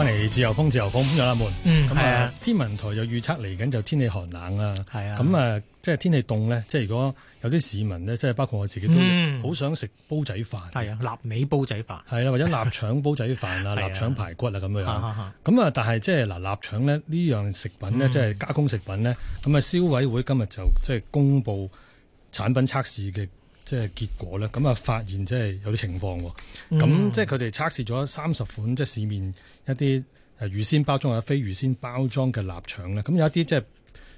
翻嚟自由風，自由風有冷門。咁、嗯、啊，天文台預測就預測嚟緊就天氣寒冷係啊。咁啊，即係天氣凍咧，即係如果有啲市民咧，即係包括我自己、嗯、都好想食煲仔飯。係啊，臘味煲仔飯係啊，或者臘腸煲仔飯啊，臘 腸排骨啊咁樣。咁啊，但係即係嗱，臘腸咧呢樣食品咧，即係加工食品咧。咁啊、嗯，消委會今日就即係公布產品測試嘅。即係結果咧，咁啊發現即係有啲情況喎。咁即係佢哋測試咗三十款即係市面一啲誒預先包裝或者非預先包裝嘅臘腸咧，咁有一啲即係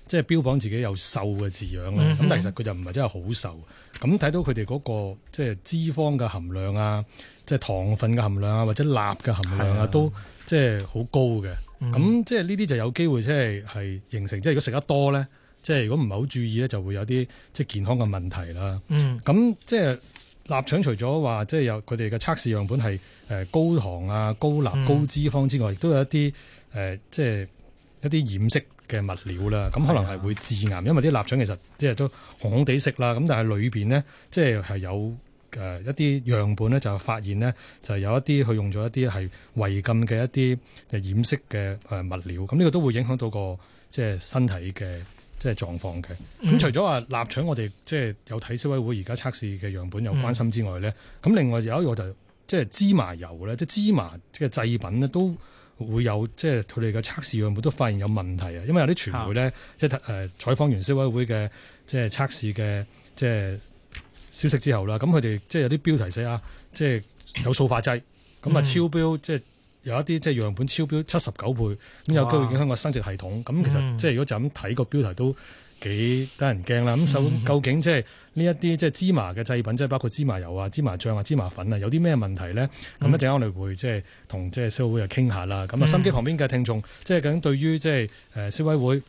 即係標榜自己有瘦嘅字樣啦。咁、嗯、哼但係其實佢就唔係真係好瘦。咁睇到佢哋嗰個即係脂肪嘅含量啊，即係糖分嘅含量啊，或者鈉嘅含量啊，都即係好高嘅。咁即係呢啲就有機會即係係形成，即係如果食得多咧。即係如果唔係好注意咧，就會有啲即係健康嘅問題啦。咁、嗯、即係臘腸除，除咗話即係有佢哋嘅測試樣本係誒高糖啊、高鈉、高脂肪之外，亦都有一啲誒、呃、即係一啲染色嘅物料啦。咁、嗯、可能係會致癌，嗯、因為啲臘腸其實即係都紅紅地色啦。咁但係裏邊呢，即係係有誒一啲樣本咧，就發現呢，就有一啲佢用咗一啲係違禁嘅一啲嘅染色嘅誒物料。咁呢個都會影響到個即係身體嘅。即係狀況嘅，咁除咗話臘腸，我哋即係有睇消委會而家測試嘅樣本有關心之外咧，咁、嗯、另外有一個就即係芝麻油咧，即係芝麻即係製品咧都會有即係佢哋嘅測試樣本都發現有問題啊，因為有啲傳媒咧即係誒採訪完消委會嘅即係測試嘅即係消息之後啦，咁佢哋即係有啲標題寫啊，即係有塑化劑，咁啊、嗯、超標即係。有一啲即係樣本超標七十九倍，咁有機會影響個生殖系統。咁哇、嗯、其實即係如果就咁睇個標題都幾得人驚啦。咁首究竟即係呢一啲即係芝麻嘅製品，即係包括芝麻油啊、芝麻醬啊、芝麻粉啊，有啲咩問題咧？咁一陣間我哋會即係同即係消委會傾下啦。咁啊，心機旁邊嘅聽眾，即係究竟對於即係誒消委會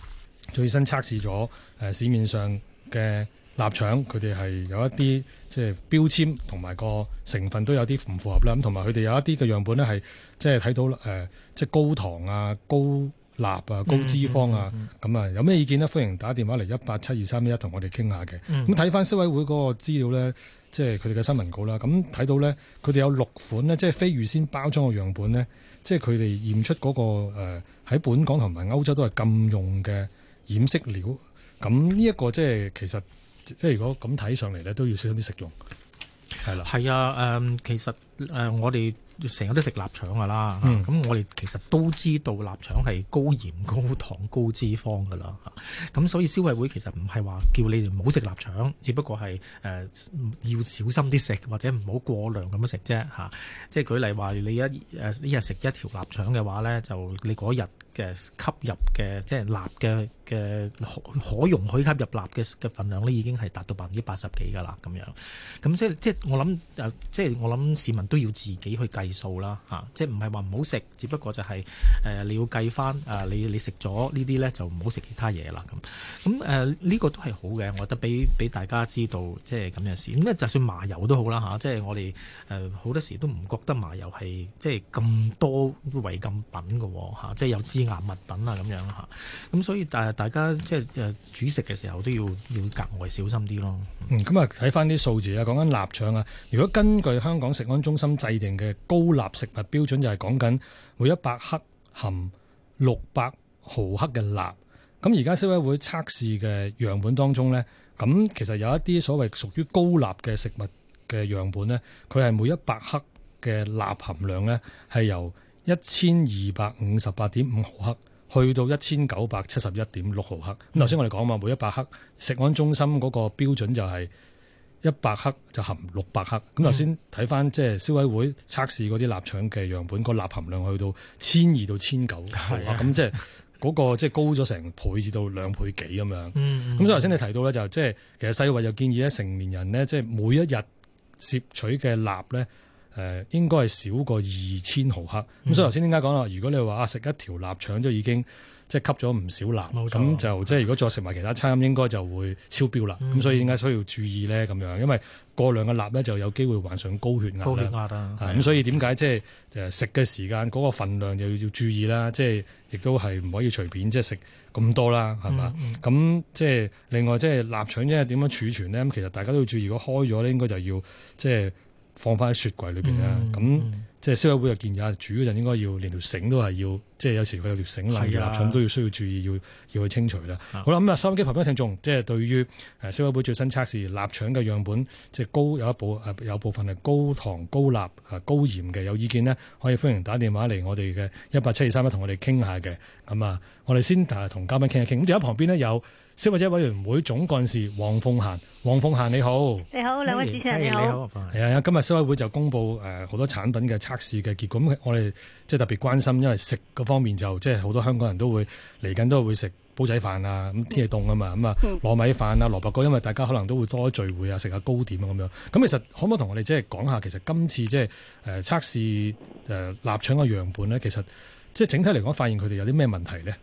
最新測試咗誒市面上嘅。臘腸佢哋係有一啲即係標籤同埋個成分都有啲唔符合啦，咁同埋佢哋有一啲嘅樣本呢係即係睇到誒、呃、即係高糖啊、高臘啊、高脂肪啊，咁啊、嗯嗯嗯嗯、有咩意見呢？歡迎打電話嚟一八七二三一，同我哋傾下嘅。咁睇翻消委會嗰個資料呢，即係佢哋嘅新聞稿啦。咁睇到呢，佢哋有六款呢，即係非預先包裝嘅樣本呢，即係佢哋驗出嗰個喺本港同埋歐洲都係禁用嘅染色料。咁呢一個即係其實。即係如果咁睇上嚟咧，都要小心啲食用，係啦。係啊，誒，其實誒，我哋成日都食臘腸噶啦，咁，嗯，我哋其實都知道臘腸係高鹽、高糖、高脂肪噶啦，咁所以消委會其實唔係話叫你哋唔好食臘腸，只不過係誒要小心啲食，或者唔好過量咁樣食啫嚇。即係舉例話，你一誒一日食一條臘腸嘅話咧，就你嗰日。嘅吸入嘅即係鈉嘅嘅可容許吸入鈉嘅嘅份量咧，已經係達到百分之八十幾噶啦咁樣咁即係即係我諗誒、呃、即係我諗市民都要自己去計數啦吓，即係唔係話唔好食，只不過就係、是、誒、呃、你要計翻誒你你食咗呢啲咧，就唔好食其他嘢啦咁。咁誒呢個都係好嘅，我覺得俾俾大家知道即係咁樣事。咁咧就算麻油都好啦吓、啊，即係我哋誒好多時都唔覺得麻油係即係咁多違禁品嘅喎嚇，即係有知啲硬物品啊，咁樣嚇，咁所以大大家即係誒煮食嘅時候都要要格外小心啲咯。嗯，咁啊睇翻啲數字啊，講緊臘腸啊，如果根據香港食安中心制定嘅高鈉食物標準，就係講緊每一百克含六百毫克嘅鈉。咁而家消委會測試嘅樣本當中呢，咁其實有一啲所謂屬於高鈉嘅食物嘅樣本呢，佢係每一百克嘅鈉含量呢，係由一千二百五十八點五毫克，去到一千九百七十一點六毫克。咁頭先我哋講嘛，每一百克食安中心嗰個標準就係一百克就含六百克。咁頭先睇翻即係消委會測試嗰啲臘腸嘅樣本，個鈉含量去到千二到千九毫克，咁、嗯、即係嗰個即係高咗成倍至到兩倍幾咁樣。咁、嗯、所以頭先你提到咧，就即係其實世衞又建議咧，成年人咧即係每一日攝取嘅鈉咧。誒應該係少過二千毫克，咁、嗯、所以頭先點解講啦？如果你話食一條臘腸都已經即係吸咗唔少鈉，咁錯就即係如果再食埋其他餐飲，應該就會超標啦。咁、嗯、所以點解需要注意咧？咁樣，因為過量嘅鈉咧就有機會患上高血壓。高血壓咁、啊、所以點解即係食嘅時間嗰、嗰個份量就要要注意啦。即係亦都係唔可以隨便即係食咁多啦，係嘛？咁即係另外即係臘腸，因係點樣儲存咧？咁其實大家都要注意，如果開咗咧，應該就要即係。即係放翻喺雪櫃裏面啦，咁、嗯嗯嗯、即係消委會有建議煮嗰陣應該要連條繩都係要。即係有時佢有條繩攔住臘腸，都要需要注意，要的要去清除啦。好啦，咁啊收音機旁邊嘅聽眾，即係對於誒消委會最新測試臘腸嘅樣本，即係高有一部有部分係高糖、高臘、誒高鹽嘅有意見呢？可以歡迎打電話嚟我哋嘅一八七二三一，同我哋傾下嘅。咁啊，我哋先同嘉賓傾一傾。咁而家旁邊呢，有消費者委員會總幹事黃鳳嫺，黃鳳嫺你好。你好，兩位主持人你好。係啊，今日消委會就公布誒好多產品嘅測試嘅結果。咁我哋即係特別關心，因為食方面就即係好多香港人都會嚟緊都會食煲仔飯啊，咁天氣凍啊嘛，咁啊、嗯嗯、糯米飯啊、蘿蔔糕，因為大家可能都會多聚會啊，食下糕點啊咁樣。咁其實可唔可以同我哋即係講下，其實今次即係誒測試誒臘腸嘅樣本咧，其實即係整體嚟講，發現佢哋有啲咩問題咧？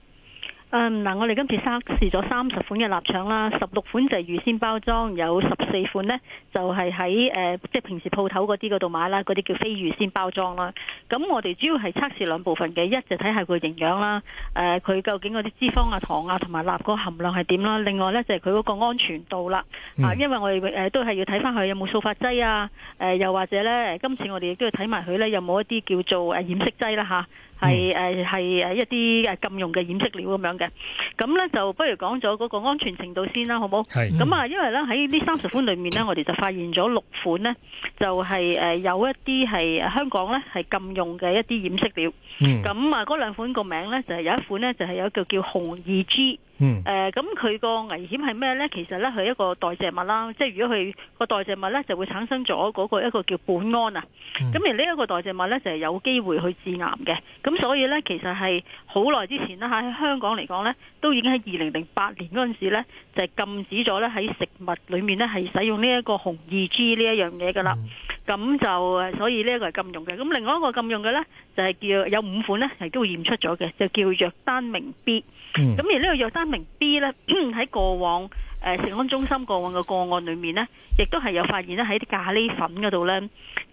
誒，嗱、嗯，我哋今次測試咗三十款嘅臘腸啦，十六款就係預先包裝，有十四款呢就係喺誒即係平時鋪頭嗰啲嗰度買啦，嗰啲叫非預先包裝啦。咁我哋主要係測試兩部分嘅，一就睇下佢營養啦，誒、呃，佢究竟嗰啲脂肪啊、糖啊同埋臘個含量係點啦。另外呢，就係佢嗰個安全度啦，啊、嗯，因為我哋都係要睇翻佢有冇塑化劑啊，誒、呃，又或者呢，今次我哋亦都要睇埋佢呢有冇一啲叫做誒染色劑啦吓。係誒，係誒一啲禁用嘅染色料咁樣嘅，咁咧就不如講咗嗰個安全程度先啦，好唔好？係。咁啊，因為咧喺呢三十款裏面咧，我哋就發現咗六款咧，就係誒有一啲係香港咧係禁用嘅一啲染色料。嗯。咁啊，嗰兩款個名咧就係有一款咧就係有一個叫紅二 G。誒，咁佢個危險係咩呢？其實呢，佢係一個代謝物啦，即係如果佢個代謝物呢，就會產生咗嗰個一個叫苯胺啊。咁、嗯、而呢一個代謝物呢，就係、是、有機會去致癌嘅。咁所以呢，其實係好耐之前啦，喺香港嚟講呢，都已經喺二零零八年嗰陣時呢就係、是、禁止咗呢喺食物裏面呢，係使用呢一個紅二 G 呢一樣嘢噶啦。嗯咁就所以呢一個係禁用嘅，咁另外一個禁用嘅咧就係叫有五款咧係都驗出咗嘅，就叫羅丹明 B。咁而呢個羅丹明 B 咧喺過往誒食安中心過往嘅個案裏面咧，亦都係有發現咧喺啲咖喱粉嗰度咧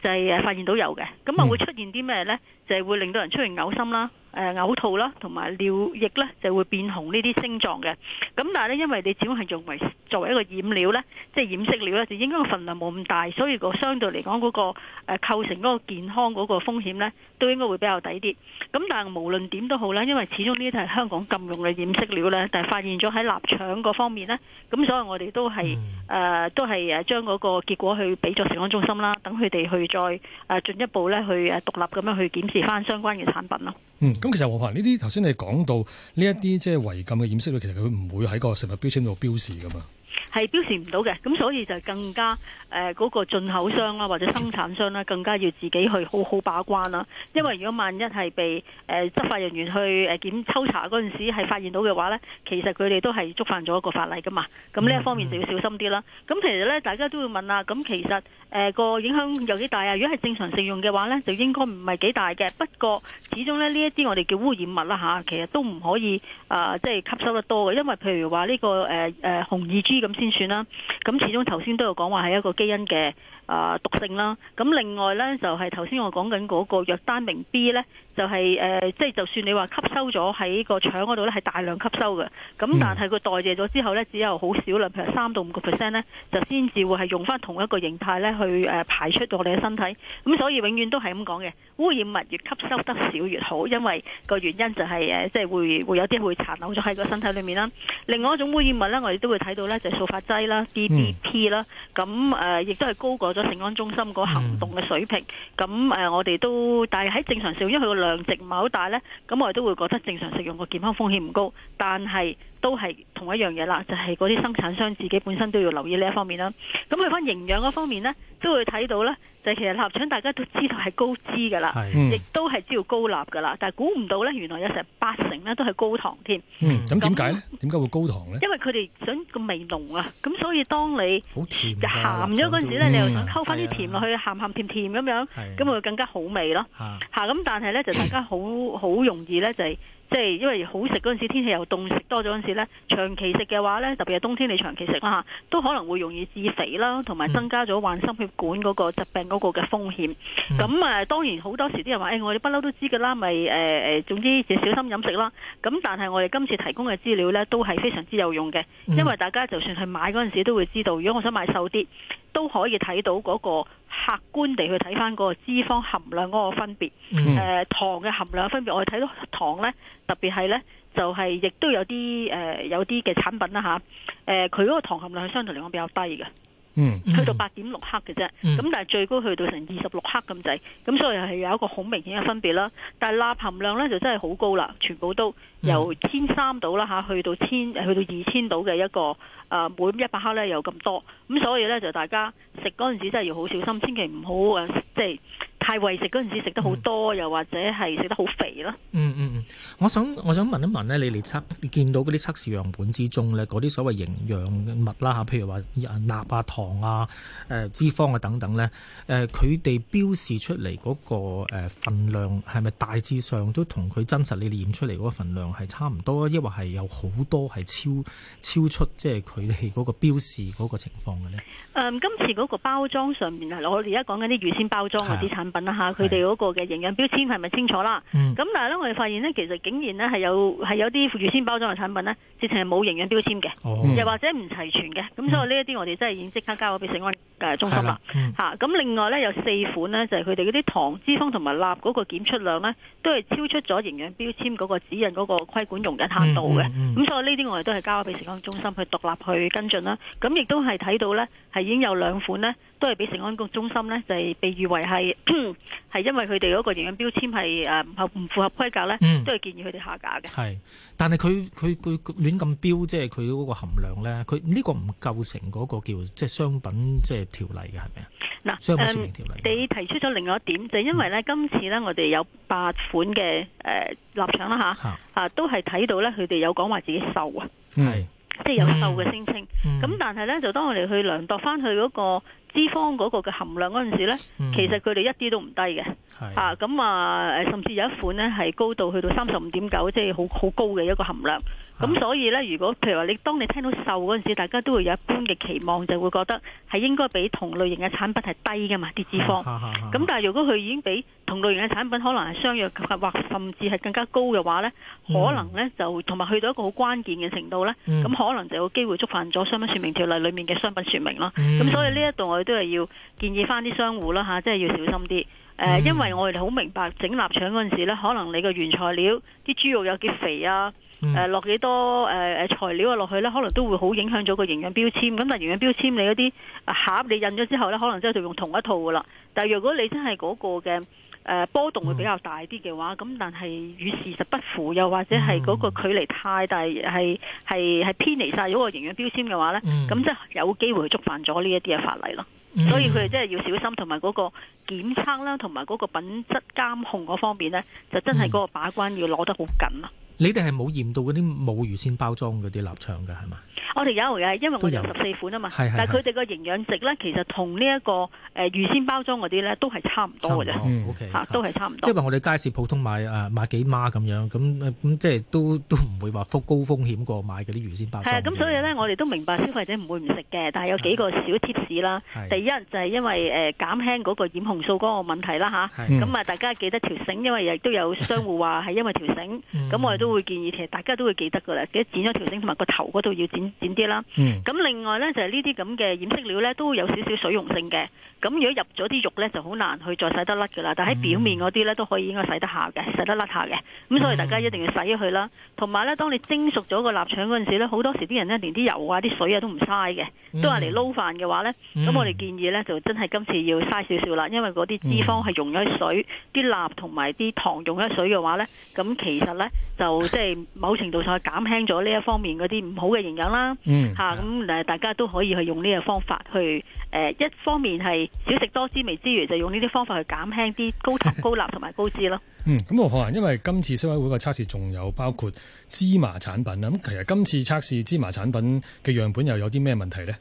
就係發現到有嘅，咁啊會出現啲咩咧？就係會令到人出現嘔心啦。誒嘔、呃呃、吐啦，同埋尿液咧就會變紅呢啲徵狀嘅。咁但係咧，因為你始終係用為作為一個染料咧，即、就、係、是、染色料咧，就應該個份量冇咁大，所以、那個相對嚟講嗰個誒、呃、構成嗰個健康嗰個風險咧，都應該會比較低啲。咁但係無論點都好啦，因為始終呢啲係香港禁用嘅染色料咧，但係發現咗喺臘腸嗰方面咧，咁所以我哋都係誒、嗯呃、都係誒將嗰個結果去俾咗食安中心啦，等佢哋去再誒、呃、進一步咧去誒獨立咁樣去檢視翻相關嘅產品咯。嗯，咁其實黃凡呢啲頭先你講到呢一啲即係違禁嘅染色料，其實佢唔會喺個食物標籤度標示噶嘛，係標示唔到嘅，咁所以就更加誒嗰、呃那個進口商啦，或者生產商啦，更加要自己去好好把關啦。因為如果萬一係被誒執法人員去誒檢抽查嗰陣時係發現到嘅話呢，其實佢哋都係觸犯咗一個法例噶嘛。咁呢一方面就要小心啲啦。咁、嗯嗯、其實呢，大家都會問啊，咁其實。誒個影響有幾大啊？如果係正常食用嘅話呢，就應該唔係幾大嘅。不過始終呢，呢一啲我哋叫污染物啦嚇、啊，其實都唔可以啊，即、呃、係、即係、吸收得多嘅。因為譬如話呢、呢個誒誒、呃呃、紅二 G 咁先算啦。咁始終頭先都有講話係一個基因嘅。啊、呃，毒性啦，咁另外呢，就係頭先我講緊嗰、那個約丹明 B 呢，就係、是、誒、即、呃、係、就是、就算你話吸收咗喺個腸嗰度呢係大量吸收嘅，咁但係佢代謝咗之後呢，只有好少量，譬如三到五個 percent 呢，就先至會係用翻同一個形態呢去誒、呃、排出我哋嘅身體，咁所以永遠都係咁講嘅，污染物越吸收得少越好，因為個原因就係、是、誒、呃，即係會會有啲會殘留咗喺個身體裏面啦。另外一種污染物呢，我哋都會睇到呢，就係、是、塑化劑啦 DBP 啦，咁誒、嗯呃、亦都係高過咗食安中心嗰行動嘅水平，咁誒我哋都，但係喺正常食用，因為佢個量值唔係好大咧，咁我哋都會覺得正常食用個健康風險唔高，但係都係同一樣嘢啦，就係嗰啲生產商自己本身都要留意呢一方面啦。咁去翻營養嗰方面咧，都會睇到咧。其實臘腸大家都知道係高脂㗎啦，亦都係知道高鈉㗎啦。但係估唔到呢，原來有成八成呢都係高糖添。咁點解咧？點解會高糖呢？因為佢哋想個味濃啊，咁所以當你好甜鹹咗嗰陣時咧，你又想溝翻啲甜落去，鹹鹹甜甜咁樣，咁會更加好味咯。嚇咁但係呢，就大家好好容易呢，就係即係因為好食嗰陣時，天氣又凍，食多咗嗰陣時咧，長期食嘅話呢，特別係冬天你長期食都可能會容易致肥啦，同埋增加咗患心血管嗰個疾病。嗰個嘅風險，咁啊當然好多時啲人話，欸，我哋不嬲都知㗎啦，咪誒、呃、總之要小心飲食啦。咁但係我哋今次提供嘅資料呢，都係非常之有用嘅，因為大家就算去買嗰陣時都會知道，如果我想買瘦啲，都可以睇到嗰個客觀地去睇翻嗰個脂肪含量嗰個分別，嗯呃、糖嘅含量分別，我哋睇到糖呢，特別係呢，就係、是、亦都有啲、呃、有啲嘅產品啦嚇，佢、啊、嗰、呃、個糖含量係相對嚟講比較低嘅。嗯，嗯去到八點六克嘅啫，咁、嗯、但係最高去到成二十六克咁滯，咁所以係有一個好明顯嘅分別啦。但係鈉含量呢，就真係好高啦，全部都由千三到啦吓，去到千去到二千到嘅一個誒每一百克呢，又咁多，咁所以呢，就大家食嗰陣時真係要好小心，千祈唔好誒即係。呃係餵食嗰陣時食得好多，又或者係食得好肥咯。嗯嗯嗯，我想我想問一問咧，你哋測見到嗰啲測試樣本之中咧，嗰啲所謂營養物啦嚇，譬如話鈉啊糖啊、誒、呃、脂肪啊等等咧，誒佢哋標示出嚟嗰個份量係咪大致上都同佢真實你念出嚟嗰份量係差唔多啊？抑或係有好多係超超出，即係佢哋嗰個標示嗰個情況嘅咧？誒、嗯，今次嗰個包裝上面係我哋而家講緊啲預先包裝啊啲產品。問下佢哋嗰個嘅營養標籤係咪清楚啦？咁、嗯、但係咧，我哋發現咧，其實竟然咧係有係有啲預先包裝嘅產品咧，直情係冇營養標籤嘅，哦、又或者唔齊全嘅。咁所以呢一啲，我哋真係要即刻交俾食安。嘅中心啦，吓咁、嗯啊、另外咧有四款呢，就係佢哋嗰啲糖、脂肪同埋鈉嗰個檢出量呢，都係超出咗營養標籤嗰個指引嗰個規管容忍限度嘅。咁、嗯嗯嗯啊、所以呢啲我哋都係交俾食安中心去獨立去跟進啦。咁、啊、亦都係睇到呢，係已經有兩款呢，都係俾食安局中心呢，就係、是、被譽為係係因為佢哋嗰個營養標籤係誒唔符合規格呢，嗯、都係建議佢哋下架嘅。係，但係佢佢佢亂咁標，即係佢嗰個含量呢，佢呢個唔構成嗰個叫即係、就是、商品即係。就是條例嘅係咪啊？嗱、嗯，誒，你提出咗另外一點，就是、因為咧，嗯、今次咧，我哋有八款嘅誒、呃、臘腸啦，吓、啊，啊，都係睇到咧，佢哋有講話自己瘦啊，係、嗯、即係有瘦嘅聲稱，咁，但係咧，就當我哋去量度翻去嗰、那個。脂肪嗰個嘅含量嗰陣時咧，其實佢哋一啲都唔低嘅，嚇咁的啊，甚至有一款呢係高度去到三十五點九，即係好好高嘅一個含量。咁的所以呢，如果譬如話你當你聽到瘦嗰陣時，大家都會有一般嘅期望，就會覺得係應該比同類型嘅產品係低嘅嘛啲脂肪。咁的但係如果佢已經比同類型嘅產品可能係相若，或者甚至係更加高嘅話呢，可能呢、嗯、就同埋去到一個好關鍵嘅程度呢，咁、嗯、可能就有機會觸犯咗商品説明條例裏面嘅商品説明咯。咁、嗯、所以呢一度我。都係要建議返啲商戶啦嚇，即係要小心啲。呃 mm. 因為我哋好明白整臘腸嗰陣時咧，可能你個原材料啲豬肉有幾肥啊，誒落幾多誒誒、呃、材料啊落去呢，可能都會好影響咗個營養標籤。咁但係營養標籤你嗰啲盒你印咗之後呢，可能之後就用同一套噶啦。但係若果你真係嗰個嘅。波動會比較大啲嘅話，咁但係與事實不符，又或者係嗰個距離太大，係偏離晒嗰個營養標籤嘅話咧，咁即係有機會觸犯咗呢一啲嘅法例咯。嗯、所以佢哋真係要小心，同埋嗰個檢測啦，同埋嗰個品質監控嗰方面咧，就真係嗰個把關要攞得好緊啦。你哋係冇驗到嗰啲冇預先包裝嗰啲臘腸㗎，係嘛？我哋有嘅，因為我哋有十四款啊嘛，但係佢哋個營養值咧，其實同呢一個誒、呃、預先包裝嗰啲咧都係差唔多嘅啫，都係差唔多，多。即係話我哋街市普通買啊買幾孖咁樣，咁咁、嗯、即係都都唔會話高風險過買嗰啲預先包裝。係啊，咁所以咧，我哋都明白消費者唔會唔食嘅，但係有幾個小貼士啦。是第一就係因為誒減輕嗰個染紅素嗰個問題啦吓，咁啊是、嗯、大家記得條繩，因為亦都有商戶話係因為條繩，咁、 嗯、我哋都會建議其實大家都會記得㗎啦，記得剪咗條繩同埋個頭嗰度要剪。淺啲啦，咁、嗯、另外呢，就係呢啲咁嘅染色料呢，都有少少水溶性嘅。咁如果入咗啲肉呢，就好難去再洗得甩㗎啦。但喺表面嗰啲呢，都可以應該洗得下嘅，洗得甩下嘅。咁所以大家一定要洗咗佢啦。同埋呢，當你蒸熟咗個臘腸嗰陣時呢，好多時啲人呢，連啲油啊、啲水啊都唔嘥嘅，都係嚟撈飯嘅話呢。咁我哋建議呢，就真係今次要嘥少少啦，因為嗰啲脂肪係溶咗水，啲臘同埋啲糖溶咗水嘅話呢，咁其實呢，就即係某程度上減輕咗呢一方面嗰啲唔好嘅營養啦。啦，吓咁誒，大家都可以去用呢個方法去誒，一方面係少食多滋味之餘，就用呢啲方法去減輕啲高糖、高鈉同埋高脂咯。 嗯，咁我可能因為今次消委會個測試仲有包括芝麻產品。咁其實今次測試芝麻產品嘅樣本又有啲咩問題呢？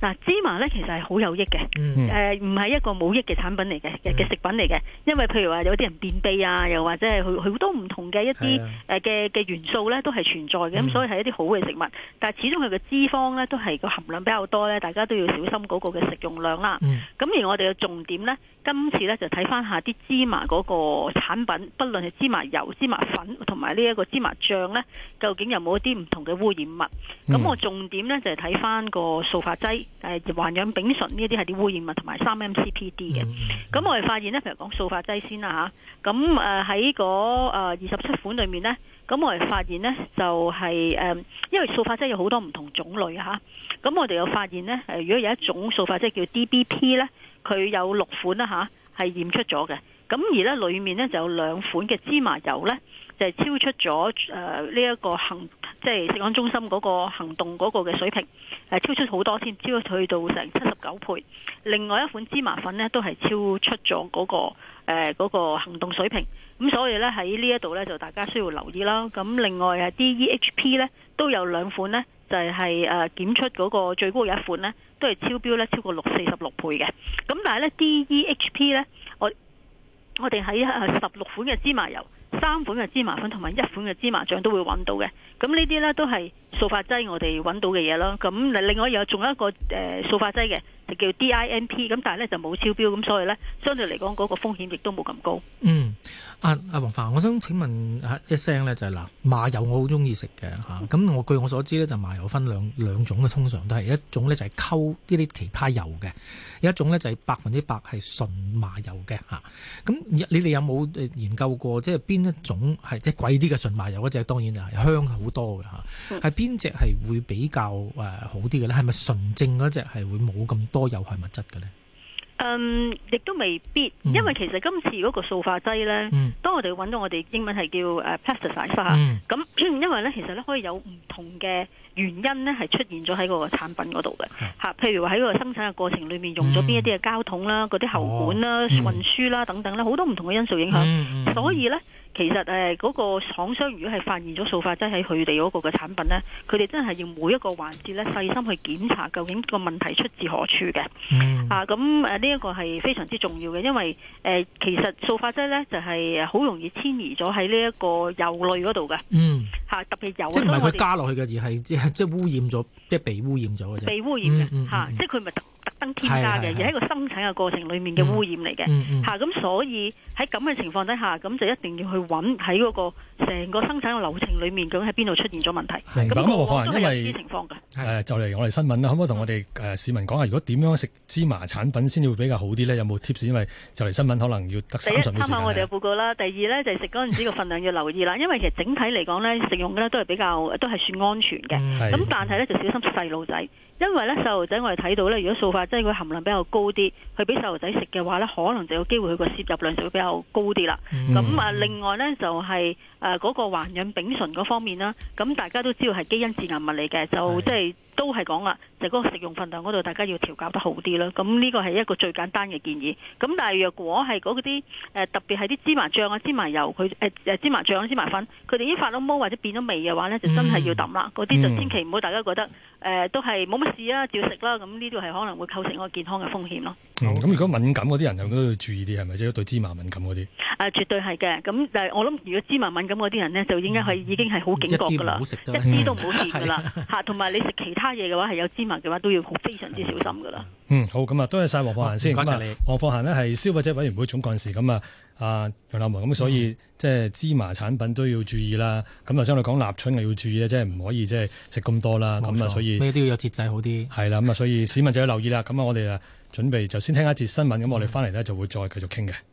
嗱芝麻咧，其實係好有益嘅，誒唔係一個冇益嘅產品嚟嘅嘅食品嚟嘅，因為譬如話有啲人便秘啊，又或者係佢好多唔同嘅一啲誒嘅嘅元素咧，都係存在嘅，咁、嗯、所以係一啲好嘅食物。但係始終佢嘅脂肪咧都係個含量比較多咧，大家都要小心嗰個嘅食用量啦。咁、嗯、而我哋嘅重點咧，今次咧就睇翻下啲芝麻嗰個產品，不論係芝麻油、芝麻粉同埋呢一個芝麻醬咧，究竟有冇一啲唔同嘅污染物？咁、嗯、我重點咧就係睇翻個塑化劑。誒，環氧丙醇呢一啲係啲污染物，同埋三 MCPD 嘅。咁、嗯、我哋發現呢，譬如講塑化劑先啦吓，咁誒喺嗰誒二十七款裏面呢，咁我哋發現呢，就係、是、誒、呃，因為塑化劑有好多唔同種類吓，咁、啊、我哋又發現呢，誒、呃、如果有一種塑化劑叫 DBP 呢，佢有六款啦吓係驗出咗嘅。咁而呢裏面呢，就有兩款嘅芝麻油呢，就係、是、超出咗誒呢一個行，即係食安中心嗰個行動嗰個嘅水平，超出好多添，超出到成七十九倍。另外一款芝麻粉呢，都係超出咗嗰、那個誒嗰、呃那個行動水平。咁所以呢，喺呢一度呢，就大家需要留意啦。咁另外啊，DEHP 呢，都有兩款呢，就係、是、誒檢出嗰個最高嘅一款呢，都係超標超 6, 呢，超過六四十六倍嘅。咁但係呢，DEHP 呢。我哋喺十六款嘅芝麻油、三款嘅芝麻粉同埋一款嘅芝麻醬都會揾到嘅，咁呢啲呢都係塑化劑我哋揾到嘅嘢囉。咁另外又仲有一個誒塑化劑嘅，就叫 DINP，咁但係呢就冇超標，咁所以呢，相對嚟講嗰個風險亦都冇咁高。嗯。阿阿、啊、黃凡，我想請問一聲咧，就係、是、嗱，麻油我好中意食嘅吓。咁、啊、我據我所知咧，就麻油分兩兩種嘅，通常都係一種咧就係溝呢啲其他油嘅，有一種咧就係百分之百係純麻油嘅吓。咁、啊、你你哋有冇研究過即係邊一種係即係貴啲嘅純麻油嗰隻？當然係香好多嘅吓，係邊隻係會比較誒好啲嘅咧？係咪純正嗰隻係會冇咁多有害物質嘅咧？嗯，亦都未必，因為其實今次嗰個塑化劑呢，嗯、當我哋揾到我哋英文係叫誒、uh，plasticizer，咁、嗯、因為呢，其實呢，可以有唔同嘅原因呢，係出現咗喺個產品嗰度嘅吓，譬如話喺個生產嘅過程裏面用咗邊一啲嘅膠桶啦、嗰啲喉管啦、運輸啦等等呢，好、嗯、多唔同嘅因素影響，嗯嗯、所以呢。其實誒嗰、那個廠商，如果係發現咗塑化劑喺佢哋嗰個嘅產品咧，佢哋真係要每一個環節咧細心去檢查，究竟個問題出自何處嘅。嗯、啊，咁誒呢一個係非常之重要嘅，因為誒其實塑化劑咧就係好容易遷移咗喺呢一個油類嗰度嘅。嗯。特別油。即係唔係佢加落去嘅，們而係即係即係汙染咗，即、就、係、是、被污染咗嘅啫。被污染嘅，嚇、嗯嗯嗯嗯啊，即係佢咪。增添加嘅，而係一個生產嘅過程裡面嘅污染嚟嘅。嚇，咁所以喺咁嘅情況底下，咁就一定要去揾喺嗰個成個生產嘅流程裡面，究竟喺邊度出現咗問題？咁啊，可能因為誒就嚟我哋新聞啦，可唔可以同我哋誒市民講下，如果點樣食芝麻產品先會比較好啲咧？有冇 tips？因為就嚟新聞可能要三十秒時間。第一參考我哋嘅報告啦，第二咧就食嗰陣時個份量要留意啦，因為其實整體嚟講咧，食用嘅咧都係比較都係算安全嘅，咁但係咧就小心細路仔，因為咧細路仔我哋睇到咧，如果數塊。即係佢含量比較高啲，佢俾細路仔食嘅話咧，可能就有機會佢個攝入量就會比較高啲啦。咁啊，mm，另外呢，就係誒嗰個環氧丙醇嗰方面啦。咁大家都知道係基因致癌物嚟嘅，就，係嘅，即係都係講啦。就嗰個食用份量嗰度，大家要調校得好啲咯。咁呢個係一個最簡單嘅建議。咁但係若果係嗰啲誒特別係啲芝麻醬啊、芝麻油佢誒、呃、芝麻醬、芝麻粉，佢哋已經發咗毛或者變咗味嘅話呢，嗯、就真係要抌啦。嗰啲就千祈唔好，大家覺得誒、呃、都係冇乜事啊，照食啦。咁呢度係可能會構成個健康嘅風險咯。嗯，咁如果敏感嗰啲人又都要注意啲係咪？即係、就是、對芝麻敏感嗰啲？誒、呃，絕對係嘅。咁但係我諗，如果芝麻敏感嗰啲人呢，就應該係已經係好警覺㗎啦、嗯，一啲都唔好食，掂㗎啦。嚇、嗯，同埋你食其他嘢嘅話係有嘅話都要非常之小心噶啦。嗯，好，咁啊，多、哦、謝晒黃鳳嫺先。唔該晒你，黃鳳嫺咧，係消費者委員會總幹事。咁啊，啊楊立文咁，所以即係、嗯、芝麻產品都要注意啦。咁啊，頭先講臘腸啊要注意咧，即係唔可以即係食咁多啦。咁啊錯，所以咩都要有節制好啲。係啦，咁啊，所以市民就要留意啦。咁啊，我哋啊準備就先聽一節新聞。咁我哋翻嚟呢，就會再繼續傾嘅。嗯